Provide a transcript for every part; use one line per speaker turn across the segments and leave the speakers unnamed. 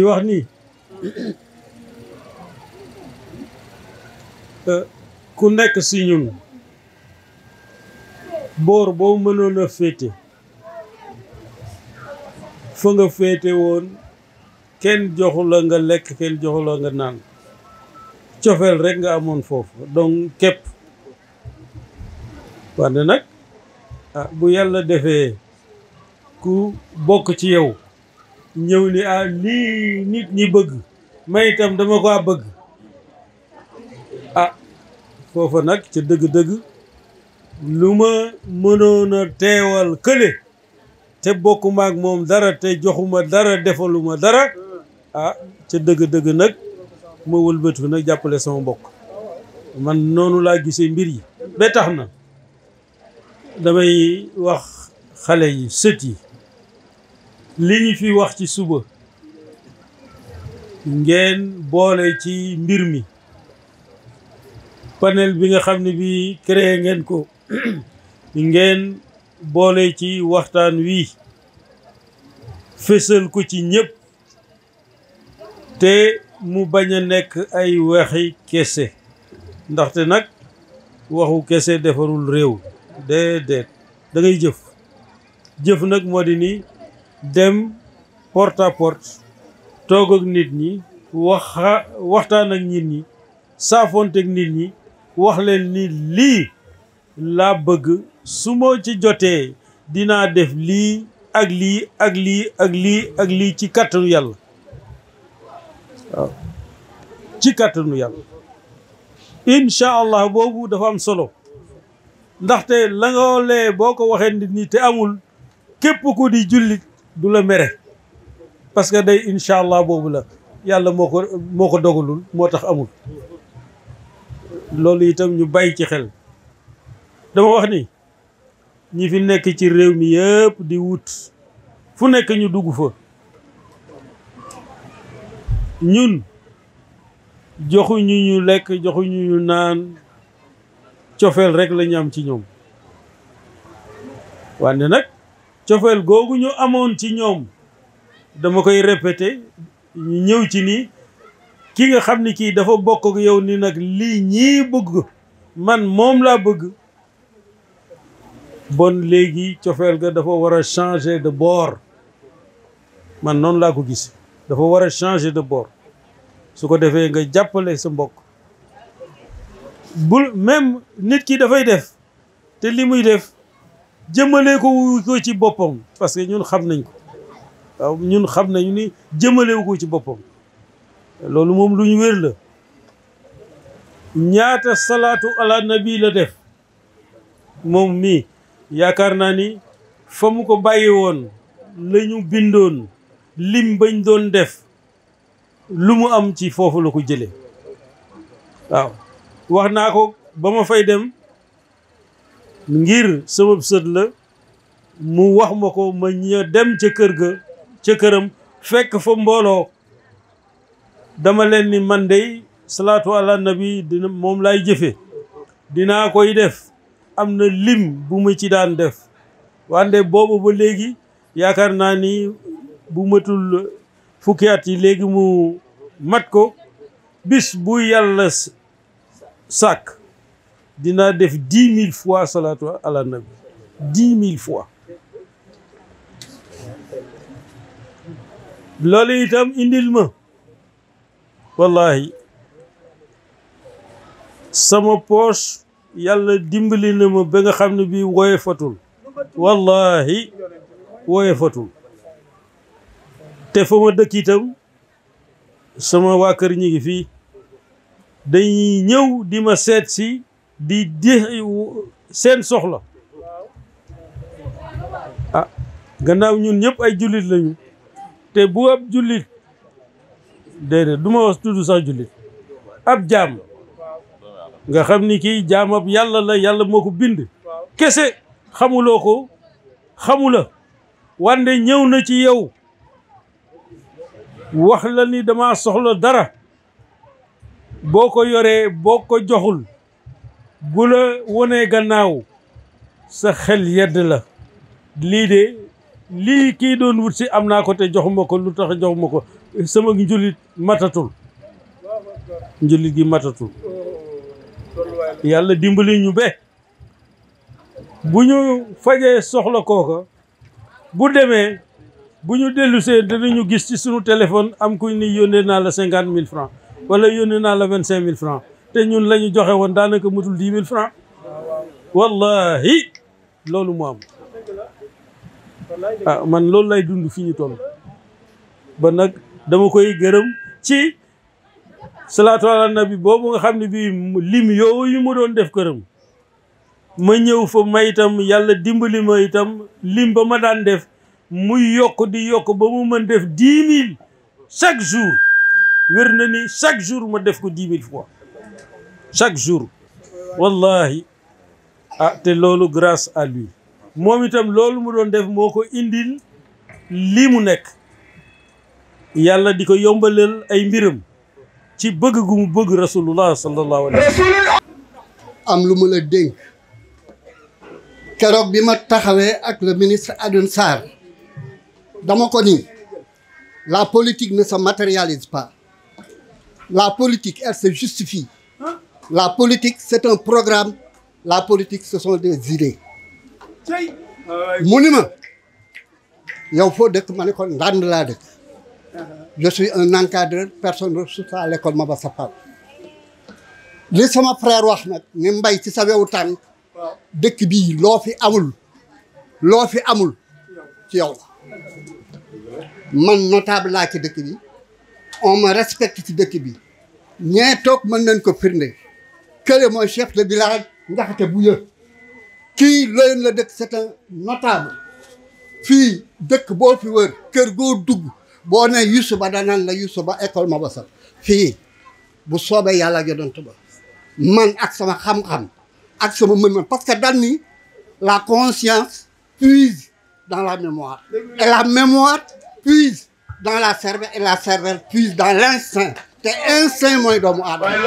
di wax ni euh, ku nekk si ñun boor boo mënoon féete fa nga féete woon kenn joxula nga lekk kenn joxu nga naan cofeel rek nga amoon foofu donc képp wante nag ah bu yàlla defee ku bokk ci yow ñëw ni ah lii nit ñi bëgg may itam dama ko bëgg ah foofa nag ca dëgg-dëgg lu ma mënoon a teewal kële te bokkuma ak moom dara te joxuma dara defaluma dara ah ca dëgg-dëgg nag ma wëlbatu nag jàppale sama mbokk man noonu laa gisee mbir yi ba tax na damay wax xale yi sët yi li ñu fi wax ci suba ngeen boole ci mbir mi panel bi nga xam ne bi créé ngeen ko ngeen boole ci waxtaan wi fësal ko ci ñépp te mu bañ a nekk ay waxi kese ndaxte nag waxu kese defarul réew déedéet da ngay jëf jëf nag moo di nii dem porte toog ak nit ñi waxtaan ak nit ñi saafoonte ak nit ñi wax leen ni lii laa bëgg su ma ci jotee dinaa def lii ak lii ak lii ak lii ci kàttanu yàlla waaw ci kàttanu yàlla allah boobu dafa am solo ndaxte la nga lee boo ko waxee nit ñi te amul képp ku di jullit du la mere parce que day incha allah boobu la yàlla moo ko moo ko dogalul moo tax amul loolu itam ñu bàyyi ci xel dama wax ni ñi fi nekk ci réew mi yëpp di wut fu nekk ñu dugg fa ñun joxuñu ñu lekk joxuñu ñu naan cofeel rek la am ci ñoom wante nag cofeel googu ñu amoon ci ñoom dama koy répété ñu ñëw ci nii ki nga xam ni kii dafa bokk yow ni nag lii ñii bëgg man moom laa bëgg bon léegi cofeel ga dafa war a changer de bord man noonu laa ko gis dafa war a changer de bord su ko defee nga jàppale sa mbokk bul même nit ki dafay def te li muy def jëmale ko ko ci boppam parce que ñun xam nañ ko waaw ñun xam nañu ni jëmale ko ci boppam loolu moom lu ñu wér la ñaata salaatu ala nabi la def moom mii yaakaar naa ni fa mu ko bàyyi woon la ñu bindoon lim bañ doon def lu mu am ci foofu la ko jëlee waaw wax naa ko ba ma fay dem ngir sama sët la mu wax ma ko ma ña dem ca kër ga ca këram fekk fa mbooloo dama leen ni man dey salaatu ala nabi dina moom lay jëfe dinaa koy def am na lim bu ma ci daan def wande boobu ba léegi yaakaar naa ni bu matul fukki at yi léegi mu mat ko bis bu yàlla sàkk dinaa def dix mille fois salaatu ala nabi dix mille fois loolu itam indil ma wallahi sama poche yàlla dimbali na ma ba nga xam ne bii wooye fatul wallahi wooye te fa ma dëkk itam sama waa kër ñi ngi fii dañuy ñëw di ma seet si di di seen soxla ah gannaaw ñun ñëpp ay jullit lañu te bu ab jullit déedéet du ma wax tudd sax jullit ab jaam nga xam ni kii jaamab yàlla la yàlla moo ko bind kese xamuloo ko xamula wande ñëw na ci yow wax la ni dama soxla dara boo ko yoree boo ko joxul bu la wonee gannaaw sa xel yedd la lii de lii kii doon wut si am naa ko te joxuma ko lu tax joxuma ko sama njulit matatul njulit gi matatul yàlla dimbali ñu be bu ñu fajee soxla kooka bu demee bu ñu dellusee ñu gis si sunu téléphone am kuñ ni yónnee naa la cinquante mille francs wala yónnee naa la vingt cinq mille francs te ñun la ñu joxe woon daanaka mutul dix mille francs wallahi loolu mu am ah, man loolu lay dund fi ñu toll ba nag dama koy gërëm ci salaatu ala nabi boobu nga xam ne bii lim yooyu mu doon def këram ma ñëw fa ma itam yàlla dimbali ma itam lim ba ma daan def muy yokk di yokk ba mu mën def dix mille chaque jour wér na ni chaque jour ma def ko dix mille fois chaque jour wallahi ah te loolu grâce à lui moom itam loolu mu doon def moo ko indil lii mu nekk yàlla di ko yombalal
ay mbiram ci bëgg gu mu bëgg rasulullah sallallahu alayhi am lu mu la dénk keroog bi ma taxawee ak le ministre Alioune Sarr dama ko ni la politique ne se matérialise pas la politique elle se justifie La politique, c'est un programme. La politique, ce sont des idées. Euh, Monument. yow foo dëkk ma ne ko ndànd laa dëkk je suis un encadreur personne ressource à l'école Mabassa Fall li sama frère wax nag ni mbay ci sa wewu tànk dëkk bii loo fi amul loo fi amul ci yow la man notable laa ci dëkk bi on me respecte ci dëkk bi ñee toog mën nañ ko firnde kële mooy chef de village Ndiakhate Bouye kii Loyenne la dëkk c'est un notable fii dëkk boo fi wër kër goo dugg boo ne Youssou Ba danaan la Youssou Ba école ma Mabasal fii bu soobee yàlla yonent ba man ak sama xam-xam ak sama mën-mën parce que dan ni la conscience puise dans la mémoire et la mémoire puise dans la cervelle et la cervelle puise dans l'instinct te instinct mooy doomu aadama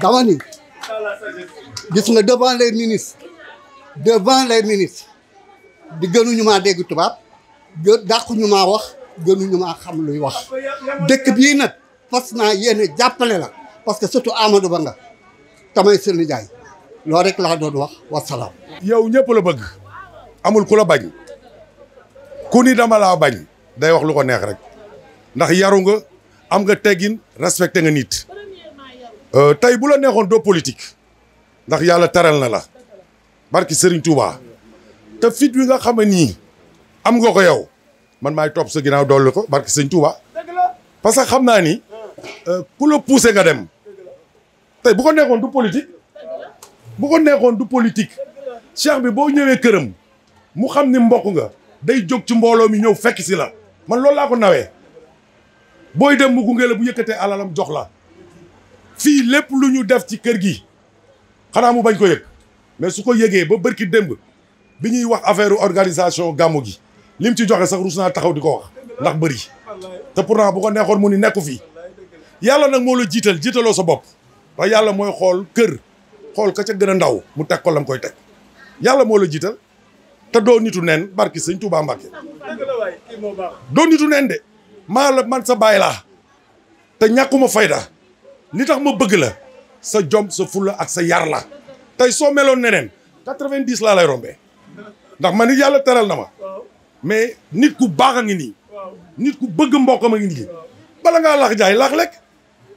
dama ni gis nga devant les ministres devant les ministres di gënuñu maa dégg tubaab dàquñu maa wax gënuñu maa xam luy wax dëkk bii nag fas naa yéene jàppale la parce que surtout Amadou Ba nga tamay sëriñ Ndiaye loolu rek laa doon wax wasalaam. yow ñëpp la bëgg
amul ku la bañ ku ni dama laa bañ. day wax lu ko neex rek ndax yaru nga am nga teggin respecté nga nit. Euh, tey bu la neexoon doo politique ndax yàlla taral na la barki Serigne Touba te fit wi nga xam ne nii am nga ko yow man maay topp sa ginnaaw dolli ko barki Serigne Touba parce que xam naa ni euh, ku la poussé nga dem tey bu ko neexoon du politique bu ko neexoon du politique cheikh bi boo ñëwee këram mu xam ni mbokk nga day jóg ci mbooloo mi ñëw fekk si la. man loolu laa ko nawee booy dem mu gunge la bu yëkkatee alalam jox la fii lépp lu ñu def ci kër gi xanaa mu bañ ko yëg mais su ko yëgee ba bërki démb bi ñuy wax affaire organisation gàmmu gi lim ci joxe sax rus naa taxaw di ko wax ndax bëri te pourtant bu ko neexoon mu ni nekku fii yàlla nag moo la jiital jiitaloo sa bopp ndax yàlla mooy xool kër xool ka ca gën a ndaw mu teg ko lam koy teg yàlla moo la jiital te doo nitu neen barki sañ Tuubaa Mbàkke doon nitu neen de maa la man sa baay laa te ñàkkuma fayda li tax ma bëgg la sa jom sa fulla ak sa yar la tey soo meloon neneen quatre-vingt-dix laa lay rombee ndax man it yàlla teral na ma mais nit ku baax a ngi nii nit ku bëgg mbokkam a ngi nii bala ngaa laax jaay laax lekk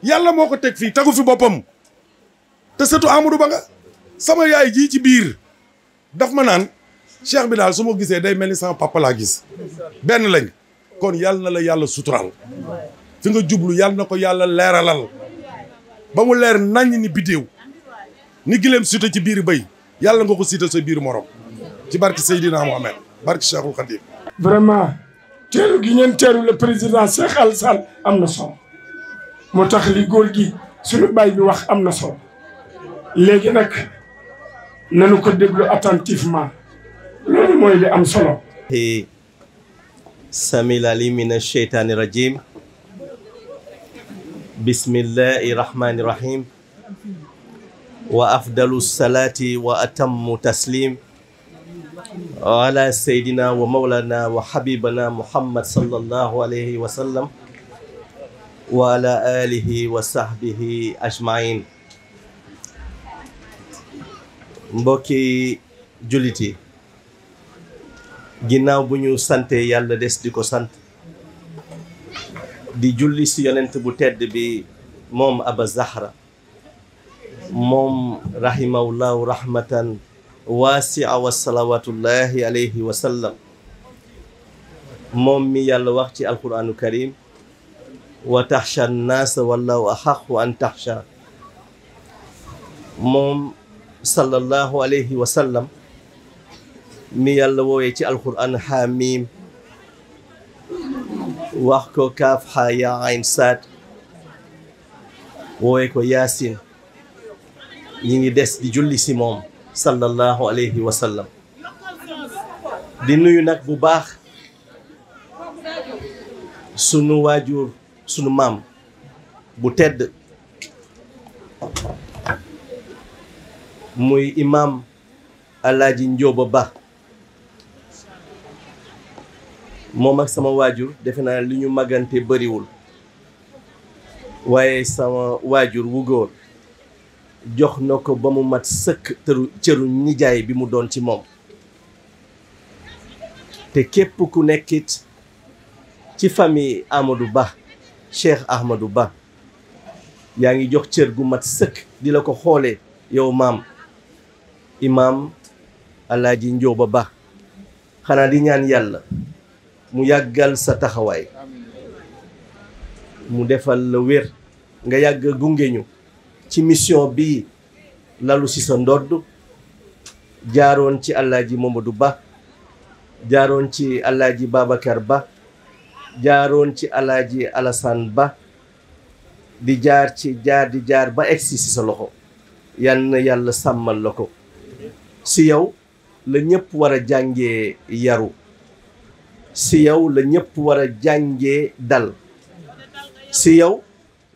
yàlla moo ko teg fii tegu fi boppam te surtout Amadou Ba nga sama yaay jii ci biir daf ma naan cheikh bi daal su ma gisee day mel ni sama papa laa gis benn lañ kon yàlla na la yàlla suturaal fi nga jublu yàlla na ko yàlla leeralal ba mu leer naññ ni bidéew ni gileem sute ci biir bay yàlla nga ko sute sa biir morom ci barke Seydina Mohamed barke ka Khadim vraiment teeru gi ngeen teeru le président Cheikh Alassane am na solo moo tax li góor gi suñu baay bi wax am na solo léegi nag nanu ko déglu attentivement loolu mooy li am solo
samil ali min asheytaani rajim bismillahi rahmani rahim wa afdalu salaati wa atammu taslim ala seydina wa mawlana wa habibana muhammad sallallahu alayhi wa sallam wa ala alihi wa sahbihi ajmain mbokki jullit yi ginnaaw bu ñu sante yàlla des di ko sant di julli si yonent bu tedd bi moom Aba Zahra moom rahimahullahu rahmatan waasia wa salawatullahi alayhi wa sallam moom mi yàlla wax ci alquranu karim wa taxcha alayhi wa sallam mi yàlla wooyee ci alquran xaamim wax ko kaaf xaa yaa ayn wooye ko yaasin ñi ngi des di julli si moom sallallahu alayhi wa di nuyu nag bu baax sunu waajur sunu maam bu tedd muy imam alaaji Njóoba Ba moom ak sama waajur defe naa li ñu màggante bariwul waaye sama waajur wu góor jox na ko ba mu mat sëkk tëru cëru nijaay bi mu doon ci moom te képp ku nekkit ci famille Amadou Ba Cheikh Ahmadou Ba yaa ngi jox cër gu mat sëkk di la ko xoolee yow maam imaam Alaaji Njóoba Ba xanaa di ñaan yàlla mu yàggal sa taxawaay mu defal la wér nga yàgg gunge ñu ci mission bi lalu ci sa ndodd jaaroon ci Alaaji Mamadou Ba jaaroon ci Alaaji Babacar Ba jaaroon ci Alaaji Alassane Ba di jaar ci jaar di jaar ba egsi ci sa loxo yal na yàlla sàmmal la ko ci yow la ñëpp war a jàngee yaru si yow la ñëpp war a jàngee dal si yow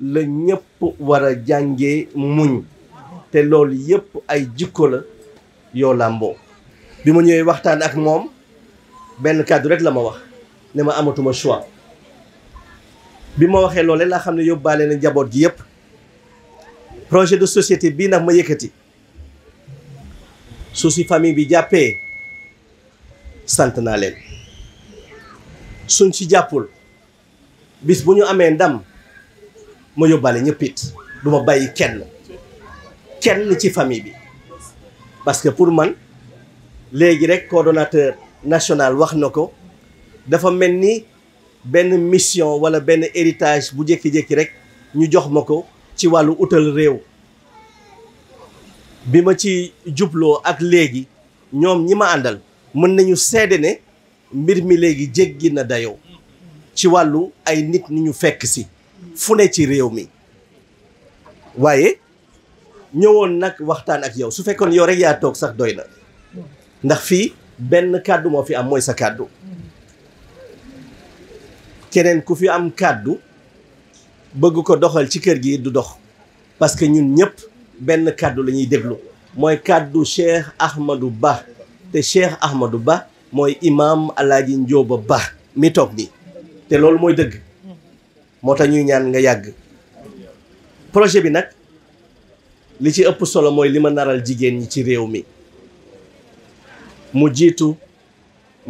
la ñëpp war a jàngee muñ te loolu yëpp ay jikko la yoo làmboo bi ma ñëwee waxtaan ak moom benn kàddu rek la ma wax ne ma amatuma choix bi ma waxee loole laa xam ne yóbbaale na njaboot gi yëpp projet de société bii nag ma yëkkati su si famille bi jàppee sant naa leen suñ ci jàppul bis bu ñu amee ndam ma yóbbaale ñëpp it ma bàyyi kenn kenn ci famille bi parce que pour man léegi rek cordonateur national wax na ko dafa mel ni benn mission wala benn héritage bu jékki-jékki rek ñu jox ma ko ci wàllu utal réew bi ma ci jubloo ak léegi ñoom ñi ma àndal mën nañu seede ne mbir mi léegi jéggi na dayoo ci wàllu ay nit ñu ñu fekk si fu ne ci réew mi waaye ñëwoon nag waxtaan ak yow su fekkoon yow rek yaa toog sax doy na ndax fii benn kàddu moo fi am mooy sa kàddu keneen ku fi am kàddu bëgg ko doxal ci kër gi du dox parce que ñun ñëpp benn kàddu lañuy déglu mooy kàddu Cheikh Ahmadou Ba te Cheikh Ahmadou Ba mooy imaam alaaji Njóoba Ba mi toog nii te loolu mooy dëgg moo tax ñuy ñaan nga yàgg projet bi nag li ci ëpp solo mooy li ma naral jigéen ñi ci réew mi mu jiitu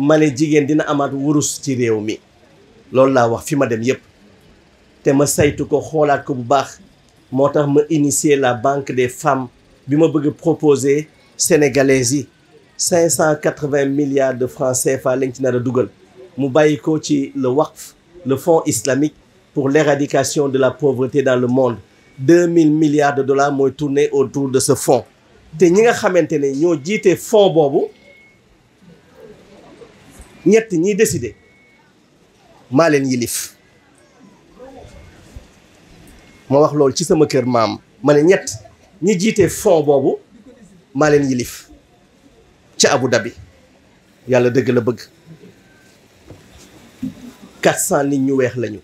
ma ne jigéen dina amaat wurus ci réew mi loolu laa wax fi ma dem yépp te ma saytu ko xoolaat ko bu baax moo tax ma initier la banque des femmes bi ma bëgg proposer sénégalaises yi cinq cent quatre-vingts milliards de francs CFA lañ ci nar a dugal mu bàyyi ko ci le waqf le fonds islamique pour l'éradication de la pauvreté dans le monde deux mille milliards de dollars mooy tourner autour de ce fonds te ñi nga xamante ne ñoo jiite fonds boobu ñett ñiy décider maa leen yilif ma wax loolu ci sama kër maam ma ne ñett ñi jiite fonds boobu maa leen yilif ca Abu Dhabi yàlla dëgg la bëgg quatre cent nit ñu weex lañu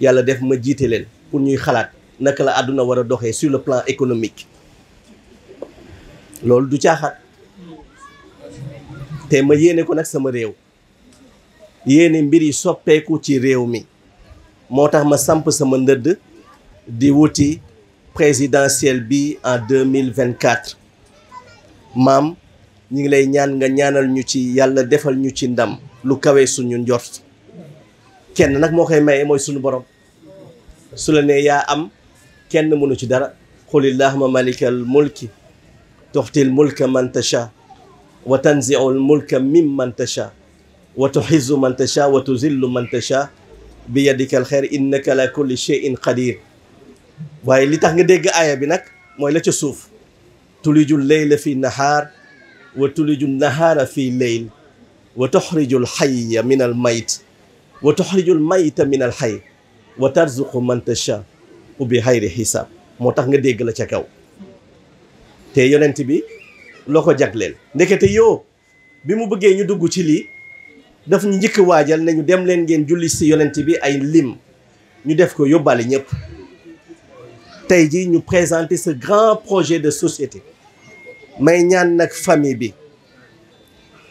yàlla def ma jiite leen pour ñuy xalaat naka la àdduna war a doxee sur le plan économique loolu du caaxat te ma yéene ko nag sama réew yéene mbir yi soppeeku ci réew mi moo tax ma samp sama ndëdd di wuti présidentielle bi en deux mille vingt-quatre maam ñi ngi lay ñaan nga ñaanal ñu ci yàlla defal ñu ci ndam lu kawe suñu njort kenn nag moo koy maye mooy suñu borom su la nee yaa am kenn mënu ci dara qul illahuma malikal mulki tuxtil mulka man tasha wa tanziul mulka mimman tasha wa tuxizzu man tasha wa tuzillu man tasha bi yadikal xeer innaka la kulli cheyin qadir waaye li tax nga dégg aaya bi nag mooy la ca suuf tuliju leyla fi nahaar wa tuliju nahaara fi leyl wa toxriju lxaya min al mayt wa toxriju l mayta min al xay wa tarzuqu man tasha bi xayri xisaab moo tax nga dégg la ca kaw te yonent bi loo ko jagleel ndekete yoo bi mu bëggee ñu dugg ci lii daf ñu njëkk waajal ne ñu dem leen ngeen julli si yonent bi ay lim ñu def ko yóbbaale ñëpp tey jii ñu présente ce grand projet de société may ñaan nag famille bi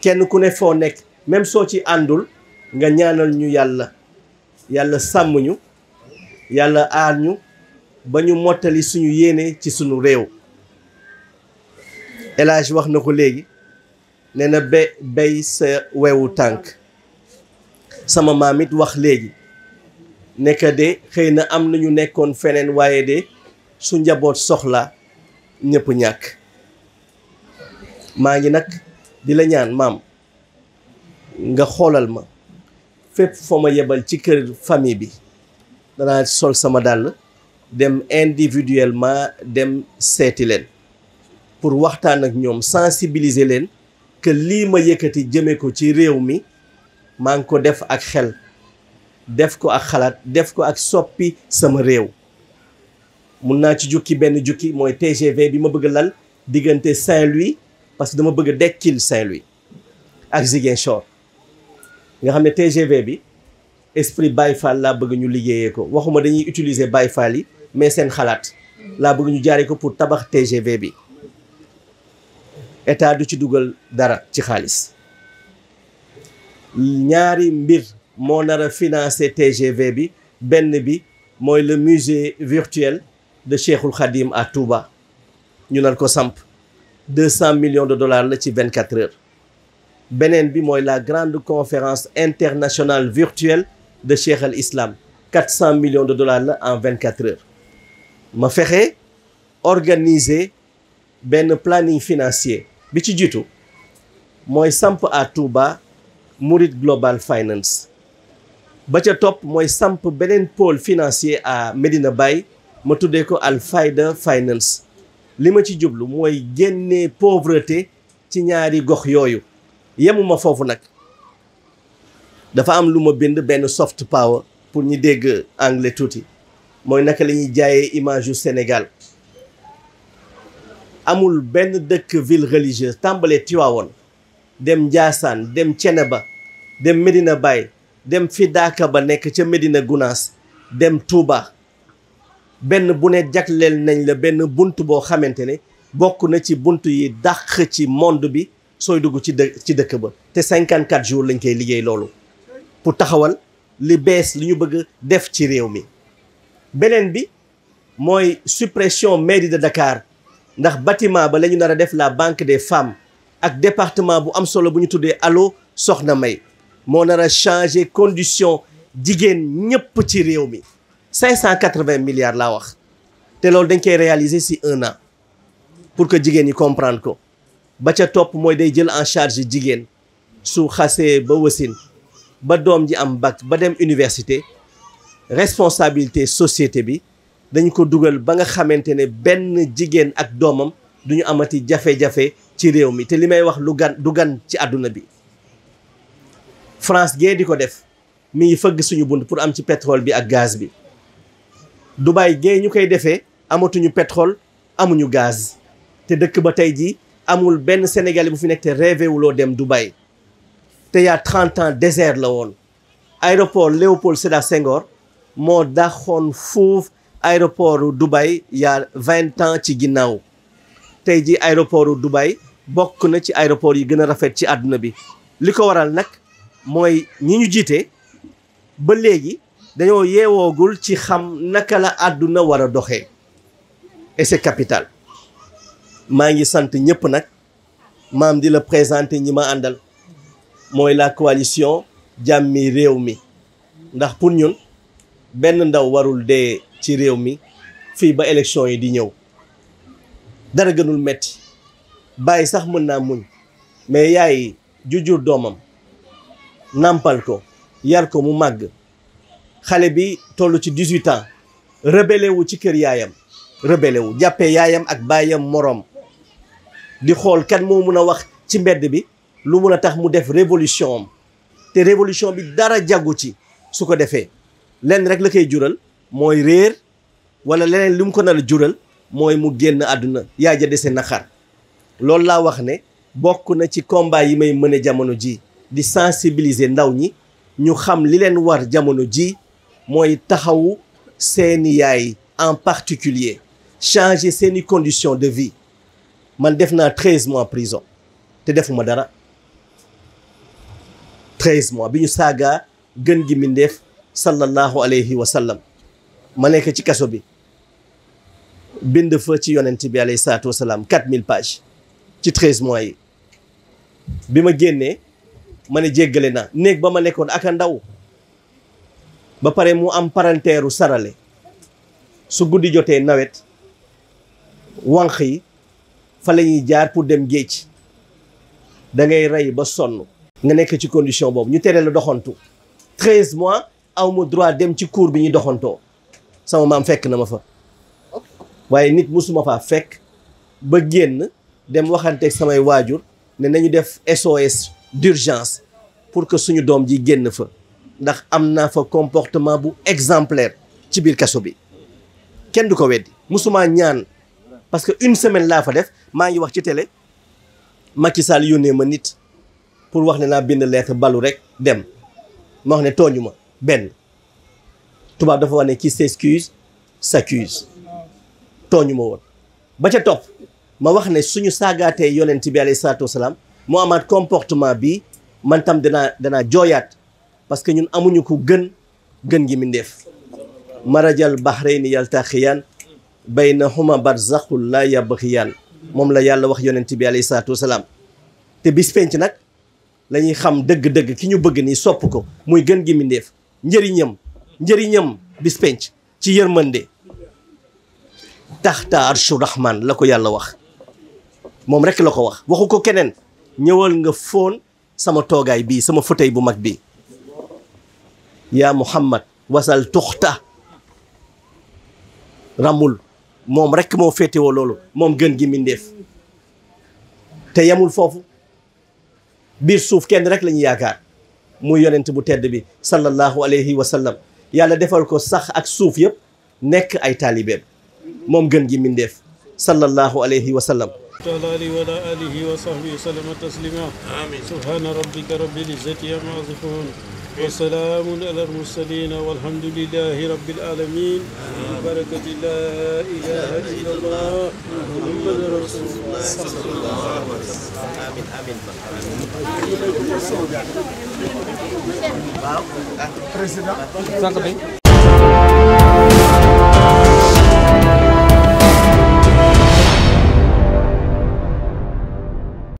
kenn ku ne foo nekk même soo ci àndul nga ñaanal ñu yàlla yàlla sàmm ñu yàlla aar ñu ba ñu mottali suñu yéene ci suñu réew El wax na ko léegi nee na bé béy sa wewu tànk sama maam it wax léegi nekk de xëy na am na ñu nekkoon feneen waaye de su njaboot soxlaa ñëpp ñàkk maa ngi nag di la ñaan maam nga xoolal ma fépp fa ma yebal ci kër famille bi danaa sol sama dàll dem individuellement dem seeti leen pour waxtaan ak ñoom sensibiliser leen que lii ma yëkkati jëme ko ci réew mi maa ngi ko def ak xel def ko ak xalaat def ko ak soppi sama réew mun naa ci jukki benn jukki mooy TGV bi ma bëgg lal diggante Saint-Louis parce que dama bëgg dekkil Saint-Louis ak Ziguinchor nga xam ne TGV bi esprit Baye Fall laa bëgg ñu liggéeyee ko waxuma dañuy utiliser Baye Fall yi mais seen xalaat laa bëgg ñu jaaree ko pour tabax TGV bi état du ci dugal dara ci xaalis ñaari mbir moo nar a financer TGV bi benn bi mooy le musée virtuel de Cheikhul Khadim à Touba ñu nar ko samp deux cent millions de dollars la ci vingt quatre heures beneen bi mooy la grande conférence internationale virtuelle de Cheikh al Islam quatre cent millions de dollars la en vingt quatre heures ma fexe organiser benn planning financier bi ci jiitu mooy samp à Touba Murid Global Finance ba ca topp mooy samp beneen pôle financier à Medina Baye ma tuddee ko Alfayda Finance li ma ci jublu mooy génnee pauvreté ci ñaari gox yooyu yemuma foofu nag dafa am lu ma bind benn soft power pour ñu dégg anglais tuuti mooy naka lañuy jaaye image yu senegal amul benn dëkk ville religieuse tàmbalee Tiwaawoon dem Njaasaan dem ba dem Medina Baye dem Fidaaka ba nekk ca Medina Gunaas dem Touba benn bu ne jagleel nañ la benn bunt boo xamante ne bokk na ci bunt yi dàq ci monde bi sooy dugg ci ci dëkk ba te cinquante quatre jours lañ koy liggéey loolu pour taxawal li bees li ñu bëgg def ci réew mi beneen bi mooy suppression mairie de Dakar ndax batiment ba la ñu nar a def la banque des femmes ak département bu am solo bu ñu tuddee allo Soxna May moo nar a changer condition jigéen ñëpp ci réew mi cinq cent quatre-vingts milliards laa wax te loolu dañ koy réaliser si un an pour que jigéen ñi comprendre ko ba ca topp mooy day jël en charge jigéen su xasee ba wasin ba doom ji am bac ba dem université responsabilité société bi dañ ko dugal ba nga xamante ne benn jigéen ak doomam duñu amati jafe-jafe ci réew mi te li may wax lu gan du gan ci àdduna bi France gee di ko def mi ngi fëgg suñu bunt pour am ci pétrole bi ak gaz bi Dubaay géey ñu koy defee amatuñu petrol amuñu gaz te dëkk ba tey jii amul benn sénégalais bu fi nekk te rêvé wuloo dem Dubaay te yaa 30 ans la woon aéroport Léopold Sédar Senghor moo daxoon fuuf aéroport Dubaay yaa 20 ans ci ginnaaw tey jii aéroport Dubaay bokk na ci aéroport yi gën a rafet ci àdduna bi li ko waral nag mooy ñi ñu jiite ba léegi dañoo yeewoogul ci xam naka la àdduna war a doxee et c'est capital maa ngi sant ñëpp nag maam di la présenté ñi ma àndal mooy la coalition jàmmi réew mi ndax pour ñun benn ndaw warul dee ci réew mi fii ba élection yi di ñëw dara gënul metti bàyyi sax mën naa muñ mais yaay ju jur doomam nàmpal ko yar ko mu màgg xale bi toll ci 18 ans rebelle wu ci kër yaayam rebelle wu jàppee yaayam ak baayam morom di xool kan moo mën a wax ci mbedd bi lu mun a tax mu def révolution am te révolution bi dara jaggu ci su ko defee lenn rek la koy jural mooy réer wala leneen li mu ko nar jural mooy mu génn àdduna yaay ja dese naxar loolu laa wax ne bokk na ci combat yi may mën a jamono ji di sensibiliser ndaw ñi ñu xam li leen war jamono ji mooy taxawu seeni yaay en particulier changer seeni condition de vie man def naa treize mois prison te defuma dara treize mois bi ñu saagaa gën gi mbindeef sallallahu alayhi wa sallam ma nekk ci kaso bi bind fa ci yonent bi alayhi salaatu wa salaam quatre mille pages ci treize mois yi bi ma génnee ma ne jéggale naa néeg ba ma nekkoon ak a ndaw ba pare mu am paranteeru sarale su guddi jotee nawet wànq yi fa la ñuy jaar pour dem géej dangay rey ba sonn nga nekk ci condition boobu ñu tere la doxantu treize mois aw ma droit dem ci cour bi ñuy doxantoo sama maam fekk na ma fa waaye nit musuma faa fekk ba génn dem waxanteeg samay waajur ne nañu def SOS d'urgence pour que suñu doom ji génn fa ndax am naa fa comportement bu exemplaire ci biir kaso bi kenn du ko weddi musuma ñaan parce que une semaine laa fa def maa ngi wax ci tele télé Macky Sall yónnee ma nit pour wax ne naa bind lettre balu rek dem ma wax ne tooñu ma benn tubaab dafa wane ne qui s'excuse s'accuse tooñu ma woon ba ca topp ma wax ne suñu saagaatee yoleen bi alayhi salaatu wasalaam moo amaat comportement bi man tam danaa danaa jooyaat parce que ñun amuñu ko gën gën gi mindeef marajal bahrayni yaltaqiyaan baynahuma laa la yabxiyaan moom la yàlla wax yonent bi alayhi salaatu wasalaam te bispenc nag lañuy xam dëgg-dëgg ki ñu bëgg nii sopp ko muy gën gi mindeef njëriñam njëriñam bispenc ci yërmande taxta arshu la ko yàlla wax moom rek la ko wax waxu ko keneen ñëwal nga foon sama toogaay bi sama fauteuil bu mag bi yaa muhammad wasal tuxta ramul moom rek moo féetewoo loolu moom gën gi mbindeef te yamul foofu biir suuf kenn rek la ñu yaakaar muy yonent bu tedd bi sallallahu alayhi wa sallam yàlla defal ko sax ak suuf yëpp nekk ay taalibeem moom gën gi mbindeef sallallahu alayhi wa sallam
الآل وعلى آله وصحبه وسلم تسليما آمين سبحان وسلام على المرسلين والحمد لله رب العالمين بركة لا
إله إلا الله محمد رسول الله صلى الله عليه وسلم
آمين آمين Président